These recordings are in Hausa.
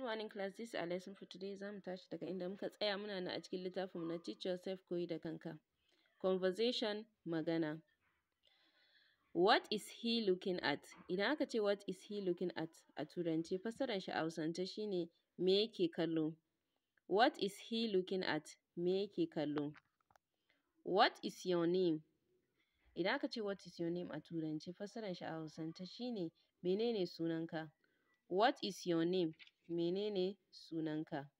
Good morning class, this is our lesson for today. Za mu tashi daga inda muka tsaya muna nan a cikin mu na Teach Yourself Koyi da Kanka. Conversation magana. What is he looking at? Idan aka ce what is he looking at a turance fassarar shi a Hausance shi ne me yake kallo? What is he looking at? Me yake kallo? What is your name? Idan aka ce what is your name a turance fassarar shi a Hausance shi ne menene sunanka? What is your name? Menene sunanka?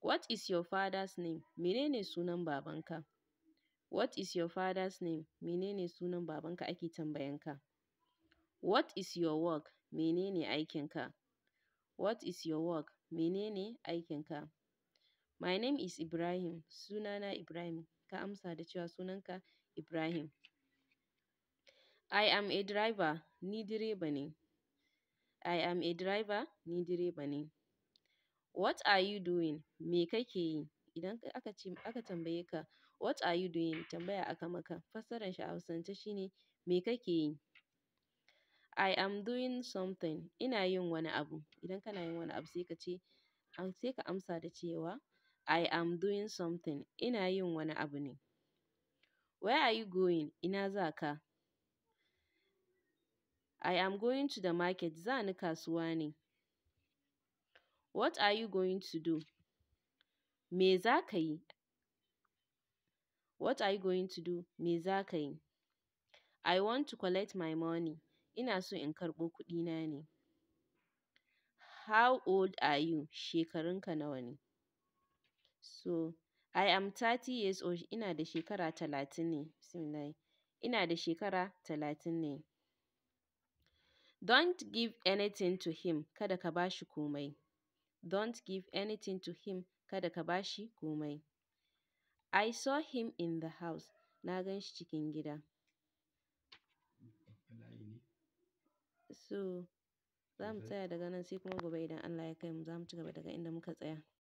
What is your father's name? Menene sunan babanka? What is your father's name? Menene sunan babanka ake tambayanka. ka. What is your work? Menene aikinka? What is your work? Menene aikinka? My name is Ibrahim. Sunana Ibrahim. Ka amsa da cewa sunanka Ibrahim. I am a driver. Ni direba ne. I am a driver, ni direba ne. What are you doing? Me kake yi? Idan aka ce aka tambaye ka what are you doing? Tambaya aka maka. Fassarar shi a Hausance shi ne me kake yi? I am doing something. Ina yin wani abu. Idan kana yin wani abu sai ka ce sai ka amsa da cewa I am doing something. Ina yin wani abu ne. Where are you going? Ina za ka? I am going to the market, za ni kasuwa ne. What are you going to do? Me za ka yi? What are you going to do? Me za ka yi? I want to collect my money. Ina so in karɓo kuɗina ne. How old are you? Shekarunka nawa ne? So, I am thirty years old. Ina da shekara talatin ne. Ina da shekara talatin ne. Don't give anything to him, kada ka ba shi komai. Don't give anything to him, kada ka ba komai. I saw him in the house, na gan shi cikin gida. So za mu tsaya daga nan sai kuma gobe idan Allah ya kai mu za mu ci daga inda muka tsaya.